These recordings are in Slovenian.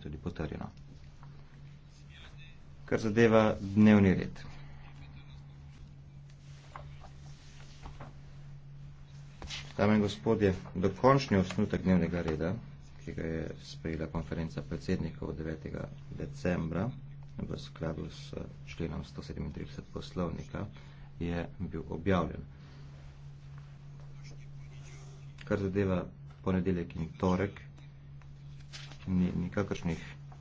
je tudi potrjeno. Kar zadeva dnevni red. Dame in gospodje, dokončni osnutek dnevnega reda, ki ga je sprejela konferenca predsednikov 9. decembra v skladu s členom 137 poslovnika, je bil objavljen. Kar zadeva ponedeljek in torek, ni nikakršnih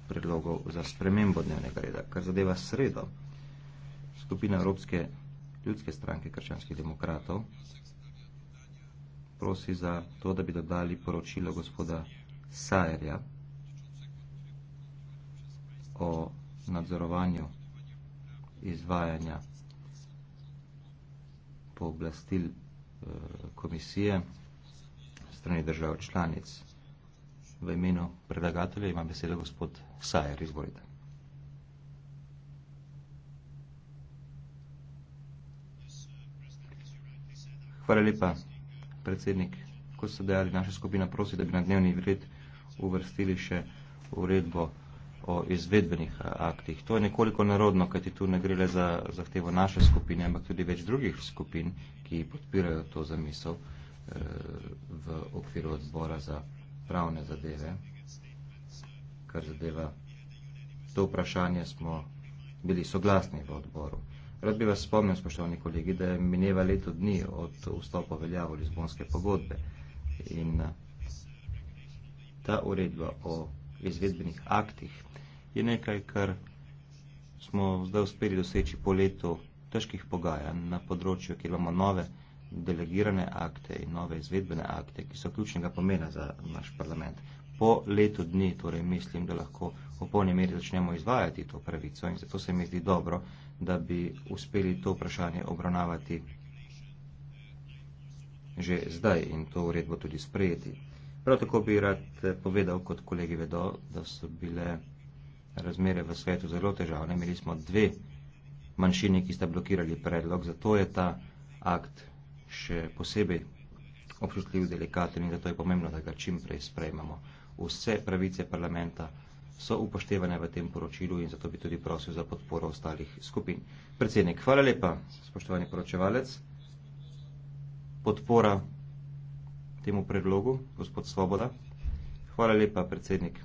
predlogov za spremembo dnevnega reda. Kar zadeva sredo, skupina Evropske ljudske stranke krščanskih demokratov prosi za to, da bi dodali poročilo gospoda Sajerja o nadzorovanju izvajanja pooblastil eh, komisije strani držav članic V imenu predlagatelja ima besedo gospod Sajer. Izvolite. Hvala lepa, predsednik. Kot ste dejali, naša skupina prosi, da bi na dnevni red uvrstili še uredbo o izvedbenih aktih. To je nekoliko narodno, kajti tu ne gre le za zahtevo naše skupine, ampak tudi več drugih skupin, ki podpirajo to zamisel eh, v okviru odbora za pravne zadeve. Kar zadeva to vprašanje, smo bili soglasni v odboru. Rad bi vas spomnil, spoštovani kolegi, da je mineva leto dni od vstopa veljavo Lizbonske pogodbe in eh, ta uredba o izvedbenih aktih je nekaj, kar smo zdaj uspeli doseči po letu težkih pogajanj na področju, kjer imamo nove delegirane akte in nove izvedbene akte, ki so ključnega pomena za naš parlament. Po letu dni, torej mislim, da lahko v polni meri začnemo izvajati to pravico in zato se mi zdi dobro, da bi uspeli to vprašanje obravnavati že zdaj in to uredbo tudi sprejeti. Prav tako bi rad eh, povedal, kot kolegi vedo, da so bile razmere v svetu zelo težavne. Imeli smo dve manjšini, ki sta blokirali predlog, zato je ta akt še posebej občutljiv, delikaten in zato je pomembno, da ga čim prej sprejmamo. Vse pravice parlamenta so upoštevane v tem poročilu in zato bi tudi prosil za podporo ostalih skupin. Predsednik, hvala lepa, spoštovani poročevalec. Podpora temu predlogu, gospod Svoboda. Hvala lepa, predsednik.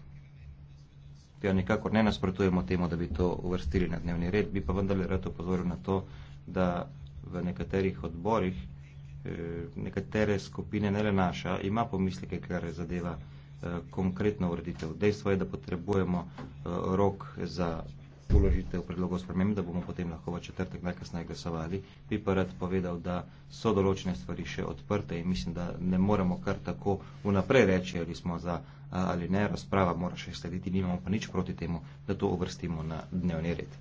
Ja, nekako ne nasprotujemo temu, da bi to uvrstili na dnevni red, bi pa vendar rad opozoril na to, da v nekaterih odborih Eh, nekatere skupine, ne le naša, ima pomisleke, kar zadeva eh, konkretno ureditev. Dejstvo je, da potrebujemo eh, rok za uložitev predlogov sprememb, da bomo potem lahko v četrtek najkasneje glasovali. Bi pa rad povedal, da so določene stvari še odprte in mislim, da ne moremo kar tako vnaprej reči, ali smo za ali ne. Razprava mora še slediti, nimamo pa nič proti temu, da to uvrstimo na dnevni red.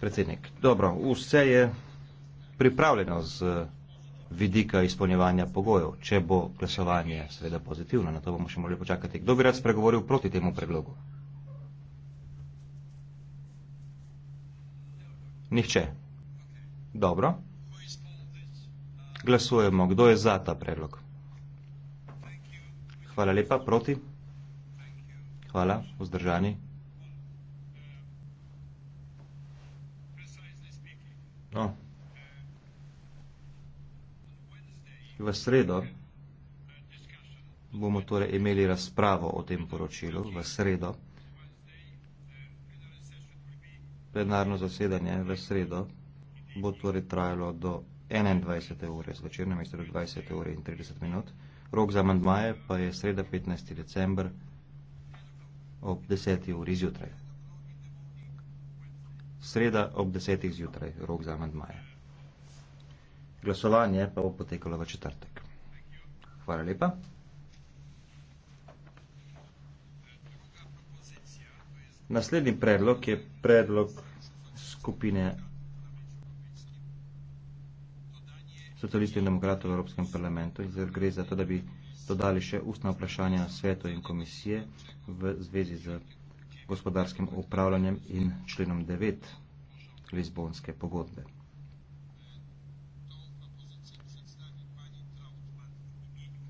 Predsednik, dobro, vse je pripravljeno z vidika izpolnjevanja pogojev, če bo glasovanje seveda pozitivno. Na to bomo še morali počakati. Kdo bi rad spregovoril proti temu predlogu? Nihče. Dobro. Glasujemo. Kdo je za ta predlog? Hvala lepa. Proti? Hvala. Vzdržani. Hvala. V sredo bomo torej imeli razpravo o tem poročilu, v sredo, plenarno zasedanje v sredo bo torej trajalo do 21. ure, zvečer na mestu 20. ure in 30 minut. Rok za amandmaje pa je sreda 15. december ob 10. uri zjutraj. Sreda ob 10. zjutraj, rok za amandmaje. Glasovanje pa bo potekalo v četrtek. Hvala lepa. Naslednji predlog je predlog skupine socialistov in demokratov v Evropskem parlamentu in zdaj gre za to, da bi dodali še ustna vprašanja svetu in komisije v zvezi z gospodarskim upravljanjem in členom 9 Lizbonske pogodbe.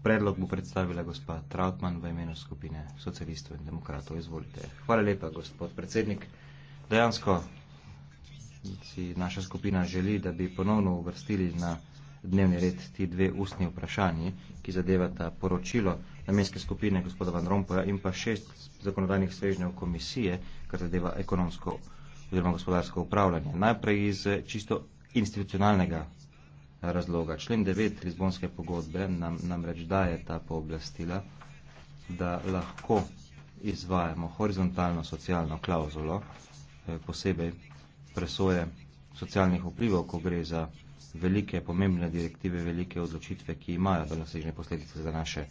Predlog bo predstavila gospa Trautmann v imenu skupine socialistov in demokratov. Izvolite. Hvala lepa, gospod predsednik. Dejansko si naša skupina želi, da bi ponovno uvrstili na dnevni red ti dve ustni vprašanji, ki zadevata poročilo namenske skupine gospoda Van Rompoja in pa šest zakonodajnih svežnjev komisije, kar zadeva ekonomsko oziroma gospodarsko upravljanje. Najprej iz čisto institucionalnega razloga. Člen 9 Lizbonske pogodbe nam, nam reč daje ta pooblastila, da lahko izvajamo horizontalno socialno klauzulo, eh, posebej presoje socialnih vplivov, ko gre za velike, pomembne direktive, velike odločitve, ki imajo dolosežne posledice za naše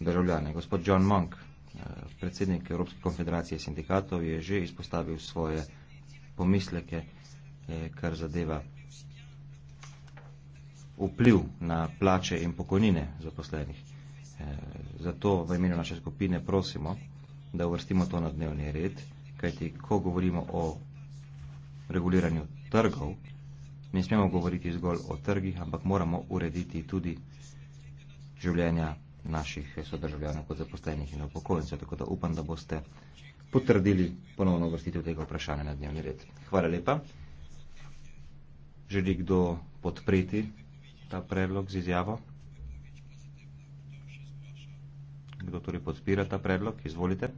državljane. Gospod John Monk, eh, predsednik Evropske konfederacije sindikatov, je že izpostavil svoje pomisleke, eh, kar zadeva vpliv na plače in pokojnine zaposlenih. Eh, zato v imenu naše skupine prosimo, da uvrstimo to na dnevni red, kajti ko govorimo o reguliranju trgov, ne smemo govoriti zgolj o trgih, ampak moramo urediti tudi življenja naših sodržavljanov kot zaposlenih in upokojencev. Tako da upam, da boste potrdili ponovno uvrstitev tega vprašanja na dnevni red. Hvala lepa. Želi kdo podpreti ta predlog z izjavo? Kdo torej podpira ta predlog? Izvolite.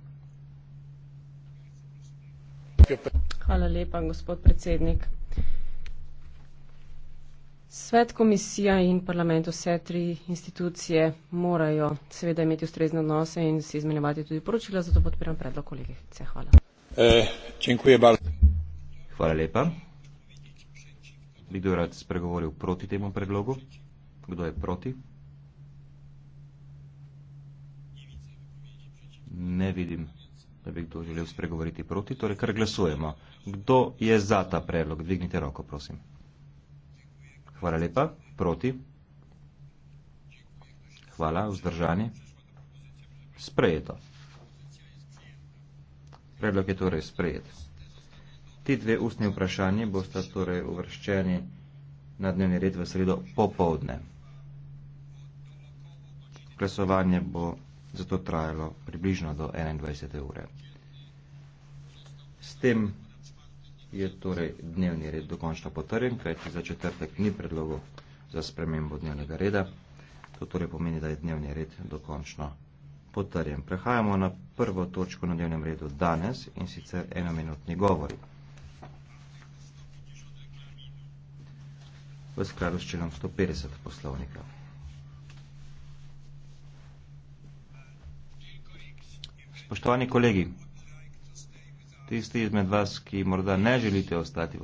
Hvala lepa, gospod predsednik. Svet, komisija in parlament, vse tri institucije morajo seveda imeti ustrezne odnose in si izmenjevati tudi poročila, zato podpiram predlog kolegice. Hvala. Eh, hvala lepa. Bi kdo rad spregovoril proti temu predlogu? Kdo je proti? Ne vidim, da bi kdo želel spregovoriti proti, torej kar glasujemo. Kdo je za ta predlog? Dvignite roko, prosim. Hvala lepa. Proti? Hvala. Vzdržani? Sprejeto. Predlog je torej sprejet. Ti dve ustni vprašanji boste torej uvrščeni na dnevni red v sredo popovdne. Glasovanje bo zato trajalo približno do 21. ure. S tem je torej dnevni red dokončno potrjen, kajti za četrtek ni predlogo za spremembo dnevnega reda. To torej pomeni, da je dnevni red dokončno potrjen. Prehajamo na prvo točko na dnevnem redu danes in sicer enominutni govori. v skladu s členom 150 poslovnika. Spoštovani kolegi, tisti izmed vas, ki morda ne želite ostati v